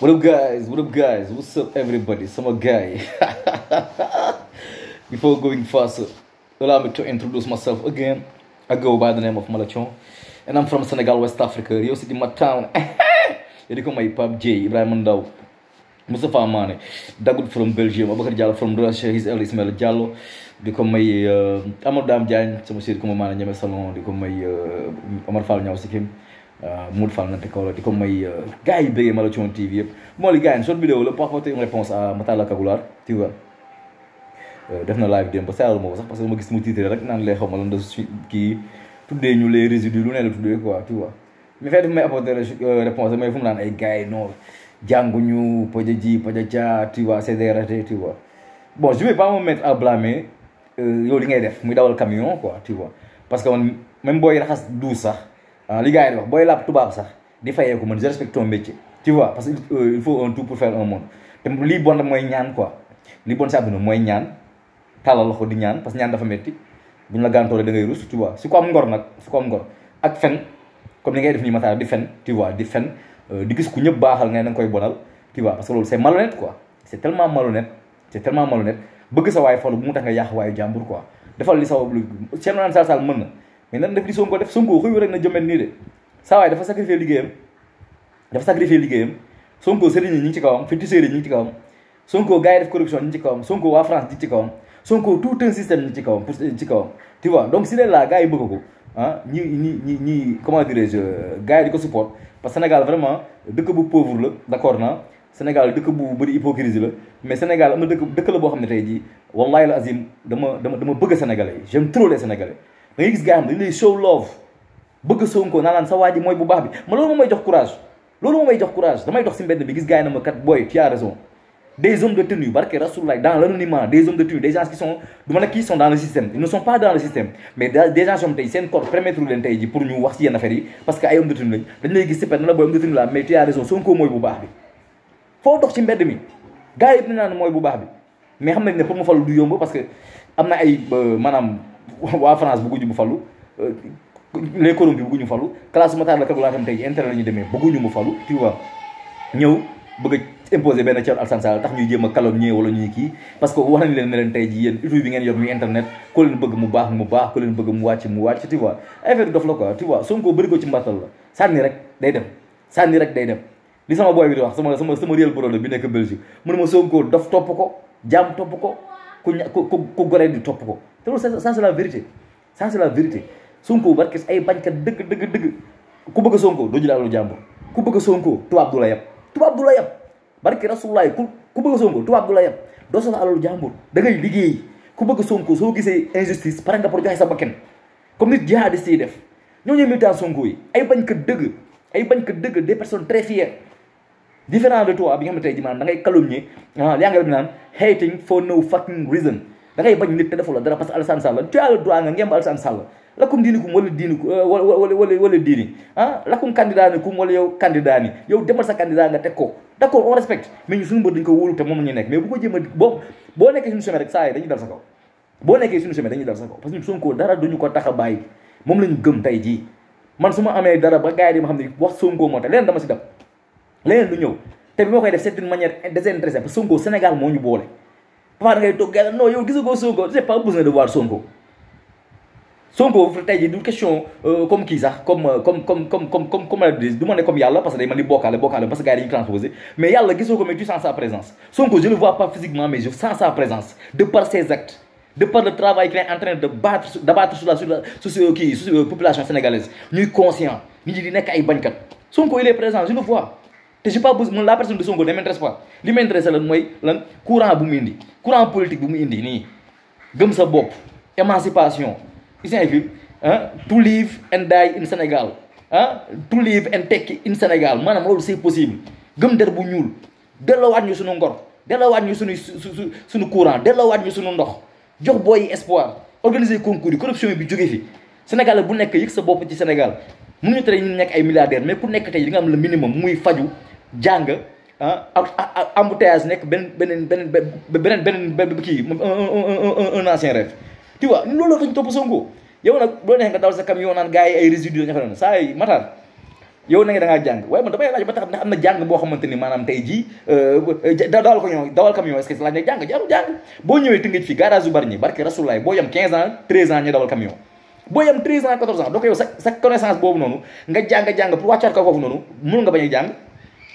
What up, guys? What up, guys? What's up, everybody? Sama guy. Before going faster, allow me to introduce myself again. I go by the name of Malachon, and I'm from Senegal, West Africa, Rio City, my town. Here come my pub J, Ibrahim Ndao. Mustafa Mane, Dagoud from Belgium, Abakar Diallo from Russia, his early Ismail Diallo, di ko may Amadou Dame Diagne sama chéri ko ma maana my salon di ko may Omar Fall ñaw si kim Euh, Modou Fall nante kaw la di ko may euh, gars yi bëggee Malathion TV yëpp moo li gars yi short vidéo la pour apporter une réponse à Matala Kagoulard tu euh, def na live démb ba seetlu ma ko sax parce que ma gis mu titre rek naan lay xaw ma lan da su kii tuddee ñu les résidus lu ne la tuddee quoi tu vois mais fekk daf may apporter réponse may fu mu naan ay gars yi jànguñu poja ji poja caa tu vois c'est des ratés tu vois li ngay def muy dawal camion parce que man même booy raxas Ah, li gars yi wax boy lap tubaab eh, eh, sax di ko eh, man je respecte ton métier tu vois parce que il faut un tout pour faire un monde li lii bon moy ñaan quoi li bon sa àdduna moy ñaan talal loxo di ñaan parce que ñaan dafa metti buñ la gàntoore da ngay rus tu vois ci ko am ngor nak ci ko am ngor ak fen comme ni ngay def ni mataar di fen tu vois di fen di gis ku ñepp baaxal ngay nang koy bonal tu vois parce que loolu c'est malhonnête quoi c'est tellement malhonnête c'est tellement malhonnête bëgg sa way falu bu mu tax nga yaax way jambour quoi defal li sa ci non sal sal mën mais nan def di Sonko def Sonko xëyu rek na jëmmet nii de saa waay dafa sacrifié liggéeyam dafa sacrifié liggéeyam Sonko sëriñ yi ci kawam féticheurs yi ci kawam Sonko gars yi def corruption ñu ngi ci kawam Sonko waa France ñu ngi ci kawam Sonko tout un système ñu ci kawam pour ci kawam tu vois donc si leen laa gars yi bëgg ko ah ñi ñi ñi comment dirais je gars yi di ko support parce Sénégal vraiment dëkk bu pauvre la d' accord naa Sénégal dëkk bu bëri hypocrisie la mais Sénégal am na dëkk dëkk la boo xam ne tey jii wallaahi la azim dama dama dama bëgg Sénégalais j'aime trop les X gis gars yi show love bëgg Sonko naa laan sa waa moy bu baax bi ma lolu moo jox courage Lolu moo jox courage damay dox ci mbedd bi gis gaay na ma kat boy tu as raison des hommes de tenue barke rasoulallah dans l'anonymat des hommes de tenue des gens qui sont du ma ne sont dans le système ils ne sont pas dans le système mais des gens sont tay sen corps permettre leen tay ji pour ñu wax ci yenn affaire yi parce que ay hommes de tenue lañ dañ lay gis ci pet na la booy homme de tenue la mais tu as raison Sonko moy bu baax bi Fo dox ci mbedd mi Gaay yi yëpp ne naan bu baax bi mais xam nañ ne pour mu falu du yomb parce que amna ay euh, manam waa France bëgguñu mu falu euh, les corrompus bëgguñu falu classe Matar la Kagoulard tam tey ji intérêt la ñu demee bëgguñu mu falu tu vois ñëw bëgg a imposer benn Thierno Alassane Sall tax ñuy jéem a calomnier que wax nañ leen ne leen tey ji yéen utu bi ngeen yor muy internet ku leen bëgg mu baax mu baax ku leen bëgg mu wàcc mu wàcc tu vois affaire dof la quoi tu vois Sonko bëri ko ci mbattal la sànni rek day dem sànni rek day dem li sama boy bi di wax sama sama sama réel brode bi nekk Belgique mu ne ma Sonko dof ko ku ku ku ko te loolu ça c'est la vérité ça c'est la vérité Sonko barkis ay bañkat dëgg dëgg dëgg ku bëgg a Sonko doo jël alalu ku bëgg Sonko tubaab du la yab tubaab du la yab barki ku ku bëgg a Sonko tubaab du doo soxla alalu jàmbur da ngay liggéey ku bëgg a Sonko soo gisee injustice pare nga pour joxe sa bakkan comme nit jihadiste yi def ñoo ñëw militant Sonko yi ay bañkat dëgg ay bañkat dëgg des personnes très fières différent de toi bi nga xam ne tey ji maanaam da ngay calomnier ah, yaa ngi naan hating for no fucking reason da ngay bañ nit te defu la dara parce que Alassane Sall tu as le droit nga diini ah lakum candidaanikum wala yow candidat ni yow demal sa candidat nga teg ko d' accord on respecte mais ñu suñu mbër dañu ko wóolu te moom la nekk mais bu ko jéem a boo nekkee suñu chemin rek saa yi dañuy dal sa kaw boo nekkee suñu chemin dañuy dal sa kaw parce que Sonko dara duñu ko tax bàyyi moom la gëm tey jii man su ma amee dara ba gars yi di ma xam ne wax Sonko ma koy def moo ñu boole war ngay toog gàllankoor non yow gis nga Sonko c'est pas besoin de voir Sonko Sonko tey jii une question euh, comme qui ça euh, comme comme comme comme comme comme comme comme ma ne comme yàlla parce que day mel ni bokkaale parce que gars yi dañu transposé mais Yalla, gisoo ko mais tu sens sa présence Sonko je le vois pas physiquement mais je sens sa présence de par ses actes. de par le travail qu'il est en train de battre d'abattre sur la sur la sur la euh, population sénégalaise ñuy conscient ni ñi di nekk ay bañkat Sonko il est présent je le vois. te suis pas besoin man la personne de Sonko ne m'intéresse pas li ma intéressé lan mooy lan courant bu mu indi courant politique bu indi nii gëm sa bopp émancipation isinfi ah to live and die in Senegal. ah to live and take in Senegal. maanaam loolu c'est possible gëm der bu ñuul delloowaat ñu suñu ngor delloowaat ñu suñu su suñu courant delloowaat ñu suñu ndox jox booy espoir organiser concours yi corruption bi jóge fi Sénégal bu nekk yëg sa bopp ci Sénégal mënuñu tere ñu nekk ay milliardaires mais ku nekk tey di nga am le minimum muy faju jàng ah, embouteillage ben ben ben ben ben ben ben ben un ancien rêve tu vois lolo lañ top songo yow nak bo la nga dal sa camion nan gaay ay résidus la ñu fa saa matar yow na nga da nga jang way man damay laaj ba tax ndax amna jang bo xamanteni manam tay ji euh dal ko ñoo dawal camion est-ce que laaj na jang jaru bo ñewé te tëngëj fii garage yu barni barke rasoulay bo yam 15 ans 13 ans ñu dawal camion bo yam 13 ans 14 ans donc yow sa connaissance bobu nonu nga jang jang pour waccar ko foofu nonu mun nga bañ jang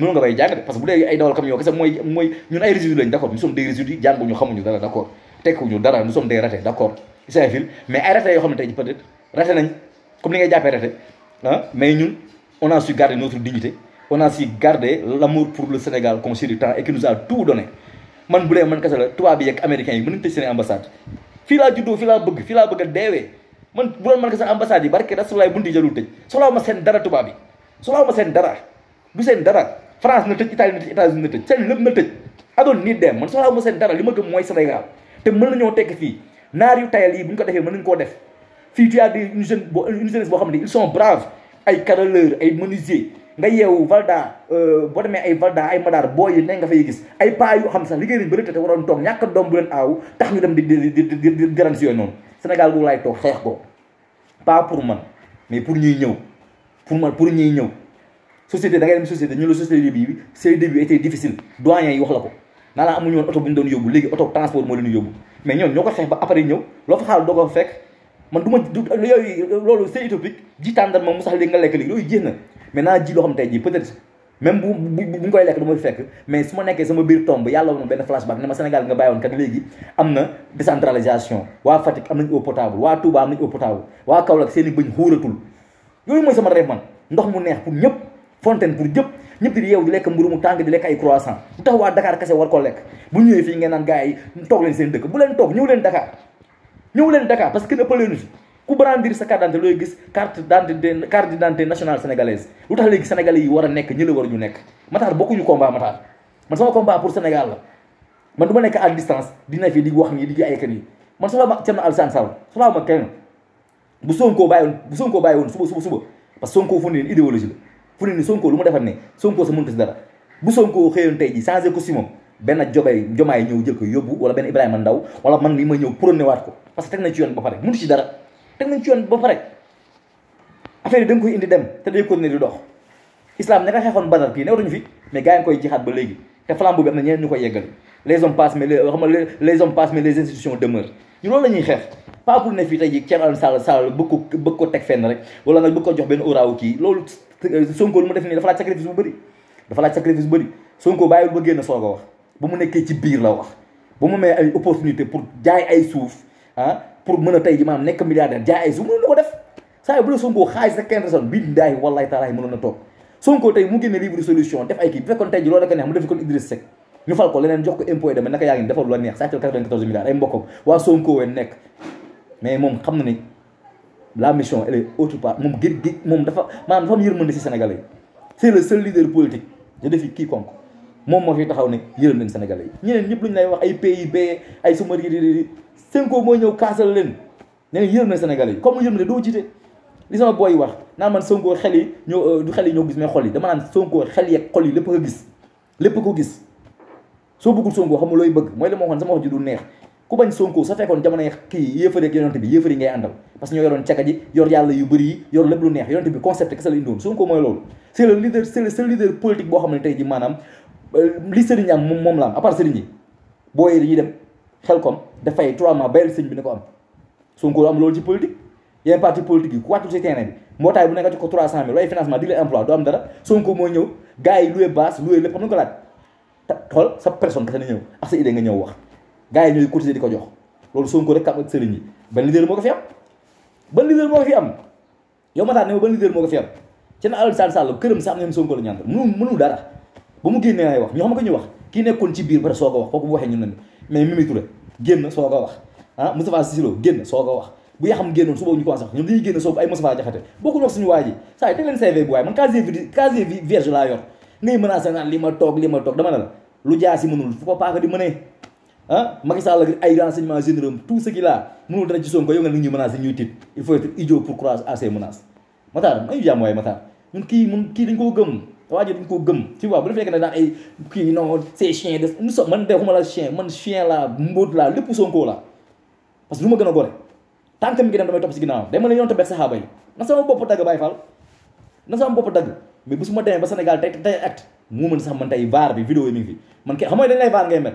noonu nga koy jàng de parce que bu dee ay dawal kam yow kese mooy mooy ñun ay résidus lañ d' accord nous sommes des résidus jànguñu xamuñu dara d' accord tekkuñu dara nous sommes des ratés d' mais ay ratés yoo xam ne tey peut être nañ comme ni ngay jàppee raté ah mais ñun on a su garder notre dignité on a su garder l' pour le Sénégal qu'on du temps et qui nous a tout donné man bu dee man kese la tubaab yi ak américains yi a man tëj seen dara France na tëj Italie na tëj États-Unis na tëj seen lépp na tëj adoon nii dem man soxlaa ma seen dara li ma gëm mooy Sénégal te mën nañoo tekk fii naar yu tayal yii bu ñu ko defee mën nañu koo def fii tu as des une jeune xam ne ils sont braves ay carreleurs ay menuisiers nga yeewu Valda euh, boo demee ay Valda ay Madaar booy yi ne nga fay gis ay paa yoo xam sax liggéey nañ bëri te waroon toog ñàkk doom bu leen aaw tax ñu dem di di di di garan si yooyu noonu laay toog xeex ko pas pour man mais pour ñuy ñëw pour man pour ñuy ñëw société da ngay dem société ñu la société début bi ses débuts étaient difficiles doyen yi wax la ko naanaa amuñu woon oto bu ñu doon yóbbu léegi oto transport moo loolu c'est utopique ji tàndar mu sax nga lekk léegi yooyu jéem na mais naa ji loo xam tey jii peut-être même bu bu bu ñu koy lekk du ma fekk mais su ma nekkee sama biir tomb yàlla woon benn flashback ne ma Sénégal nga bàyyi woon kat léegi am na décentralisation waa Fatick am nañ eau potable waa i bëñ xuuratul yooyu mooy sama rêve man ndox mu neex pour ñëpp fontaine pour jëpp ñëpp di yeew di lekk mburu mu tàng di lekk ay croissant lu tax waa Dakar kese war koo lekk bu ñëwee fii ngeen naan gars yi toog leen seen dëkk bu leen toog ñëw leen Dakar ñëw leen Dakar parce que ëppaleenu fi ku brandir sa carte d'identité looy gis carte d'identité carte d'identité nationale sénégalaise lu tax léegi sénégalais yi war a nekk ñi la war ñu nekk Matar bokkuñu combat Matar man sama combat pour Sénégal la man du ma nekk à distance dina fi di wax nii di ay kan yi man soxla ma Thierno Alassane Sall soxla fu ne ni Sonko lu mu defar ne Sonko sa mënta si dara bu Sonko xëyoon tey ji changé ko si moom benn jomaay jël ko yóbbu wala benn Ibrahima Ndaw wala man mi ma ñëw prôné waat ko parce que teg nañ ci yoon ba pare mënut ci dara teg nañ ci yoon ba pare affaire yi koy indi dem te day continuer di dox islam ña nga xeexoon badar kii newatuñu fi mais gars koy jixaat ba léegi te flambeau bi am na ñeneen ñu koy yeggal les hommes passent mais les xam nga les hommes passent mais les institutions demeurent ñu loolu la ñuy xeex pas ne fii tey ji Thierno Sall Sall bëgg bëgg teg fenn rek wala nga bëgg ko jox benn oraawu kii loolu Sonko lu mu def nii dafa laaj sacrifice bu bëri dafa laaj sacrifice bu bëri Sonko bàyyiwul ba génn soog wax ba mu nekkee ci biir la wax bu mu may opportunité pour jaay ay suuf ah, pour mën a tey ji maanaam nekk milliardaire jaay ay suuf mënoon na ko def saa yu bu la Sonko xaalis sa quinze personnes bii daayi wallahi taalaay mënoon na toog Sonko tey mu génne livre solution def ay kii bu fekkoon tey ji loolu rek a neex mu def kon Idriss Seck ñu ay mbokkam moom xam na la mission elle est autre part moom gë gë moom dafa man dafa am yërmande ci Sénégalais c'est le seul leader politique de défi quiconque moom mo fi taxaw ne yërëm leen Sénégalais ñeneen ñep luñ lay wax ay PIB ay suma riri Sonko mooy ñëw kaasal leen ne leen yërëm leen Sénégalais comme yërëm ne doo jiite li sama boy wax na man Sonko xel yi ñoo euh, du xel yi ñoo gis mais xol yi dama nan Sonko xel ak xol yi lepp ko gis lepp ko gis so bëggul Sonko xam nga looy bëgg moy li mo waxoon sama wax ji du neex ku bañ Sonko sa fekkoon jamonoy ki yéefari ak yonent bi yéefari ngay andal parce ñoo yoron ciaka ji yor yalla yu bari yor lepp lu neex yonent bi concept kese lay ndoon Sonko moy lool c'est le leader c'est le seul leader politique bo xamne tay ji manam euh, li serigne am mom la am a part sëriñ yi booyee dañuy dem xelkom da fay trois mois bayal serigne bi ne ko am Sonko am lool ci politique yenn parti politique ku wàccu ci terrain bi motay bu nekk ci ko trois cent mille financement dig la emploi do am dara Sonko mooy ñew gaay yi loué base loué lépp xam ko laaj tol sa personne kese na ñëw ak sa idée nga ñew wax gaa yi ñooy cotiser di ko jox loolu Sonko rek am sëriñ yi ban leader moo ko fi am ban leader moo ko fi am yow ma tax ne ma sax la ñaan mënu mënul dara ba mu génnee wax ñoo ñu wax kii nekkoon ci biir ba soo ko wax kooku bu waxee wax ah Moustapha Cissé wax bu yaxam génnoon su boobu ñu commencé wax ñoom man casier casier li ma toog li ma toog dama ne la lu jaa si mënul fu ko paaka di mënee ah Macky Sall ak ay renseignements généraux tout ce qu'il a mënul dara ci Sonko yow nga nit ñuy menacer ñuy tiit il faut être idiot pour croire à ces kii mun kii dañ koo gëm waa ji dañ koo gëm tu vois bu defee ne daan ay kii man de xuma man chien la mbóot la lépp Sonko la parce que du ma gën a gore tànkam ngi dem damay topp si ginnaaw day ma la yoon ta beg saxaaba yi na sama bopp mais bu su ma demee ba Sénégal tey tey acte moo mën sax man tey vaar bi vidéo yi fi man kay xam nga dañ lay vaar ngay mel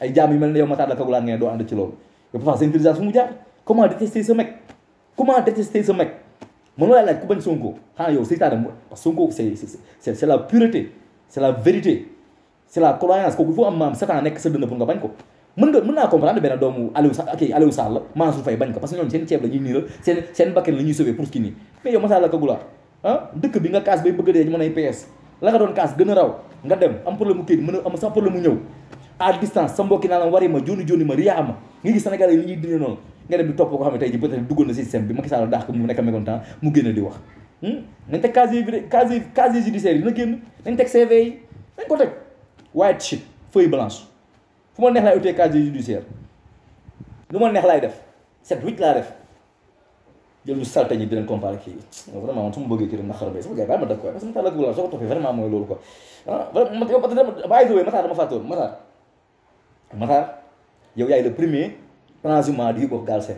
ay jaam yu mel ne yow Matar la kagulaan nga bañ doomu Aliou Sall la Mansour la ñuy ah, dëkk bi nga kaas bay bëgg dee ñu mën ay PS la nga doon kaas gën a raw nga dem am problème mu mën am sax problème ñëw à distance sa mbokki naa la wari ma joni joni ma riyaa ma nga gis Sénégalais yi li ñuy dundee noonu nga xam ne tey ji peut-être duggoon na système bi Macky daax ko mu nekk mécontent mu génn di wax hmm? nañ teg teg CV yi nañ ko teg white sheet fu ma neex laay utee casier judiciaire lu ma neex laay def set wicc laa def jël ñu salte ñi di leen comparé kii vraiment su ma bëggee kii rek naqar bay sama ma ko soo ko mooy loolu quoi ah vraiment yow ma taal dama fàtte ma taal Matar, yow yaay le premier transhumant du Hip-Hop sen.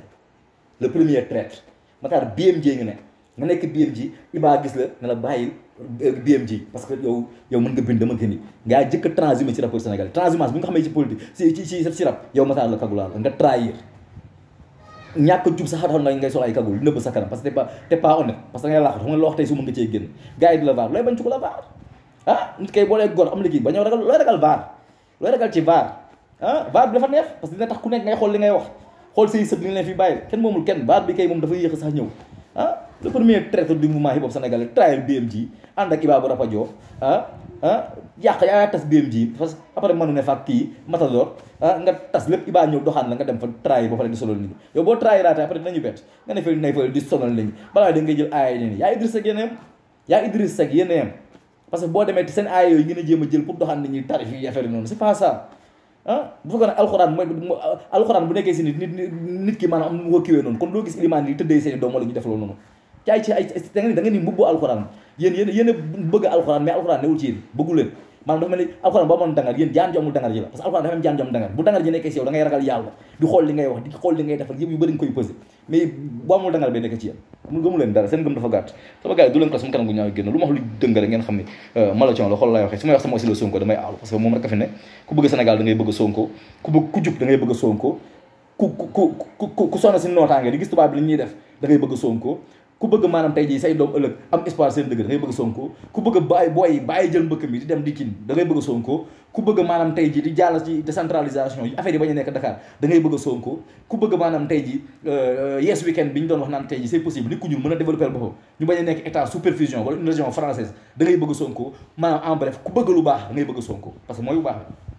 le premier traître Matar BM ji nga ne nga nek BM Iba gis la na la bayil BM parce que yow yow mën nga bind dama gëni. Nga jëk transhumant ci rapport Sénégal Transhumant bu nga xamé ci politique ci ci ci rap yow Matar la kagulaal nga trahir ñàkk jub sax taxoon na ngay sol ay kagul neub sa kanam parce que t'es pas t'es pas honnête parce que da ngay laaxatu xam nga loo wax tey su mën nga ci génn gaay yi la vaar lay bañ ci ko la vaar ah nit kay bo lay gor am liggéey ba ñëw ragal lay ragal vaar lay ragal ci vaar ah baat bi dafa neex parce que dina tax ku nekk ngay xool li ngay wax xool say sët li ñu leen fi bàyyi kenn moomul kenn baat bi kay moom dafa yéex sax ñëw ah, ah, ah, ne fàkk kii nga tas lépp Iba ba parce que boo demee seen aaya yooyu ngeen a a jël pour doxaan nit ñi tarif yi affaire yi noonu c'est pas ah bu fekkoon ne alxuraan mooy alxuraan bu nekkee si nit nit nit ki maanaam am nu ko kiwee noonu kon loo gis ilimaan yi tëddee seen i doom wala ñu def loolu noonu ci ay ci ay da nga ni da mbubboo alxuraan yéen yéen a bëgg alxuraan mais alxuraan newul ci yéen bëggu maanaam dafa mel ni alxuraan boo amoon dangar yéen jaan ju amul bu dangar ji nekkee si yow da ragal yàlla di xool li ngay wax di xool li ngay def yi du leen ko sama kanam gu ñaaw génn Sonko ku ku ku ku sonna si nootaange di gis tubaab bi li ñuy def da bëgg Sonko ku bëgg maanaam tey jii say doom ëllëg am espoir seen dëgg da bëgg Sonko ku bëgg bàyyi booy bàyyi di dem di kin da ngay bëgg Sonko jàll ci décentralisation yi affaire yi bañ a nekk Dakar da ngay bëgg Sonko ku bëgg maanaam tey jii euh, yes weekend bi ñu doon wax naan tey jii c'est possible nit ku ñuul mën a développer boppam ñu bañ nekk état sous perfusion wala région française da bëgg Sonko maanaam en bref ku bëgg lu baax da bëgg Sonko parce mooy bu baax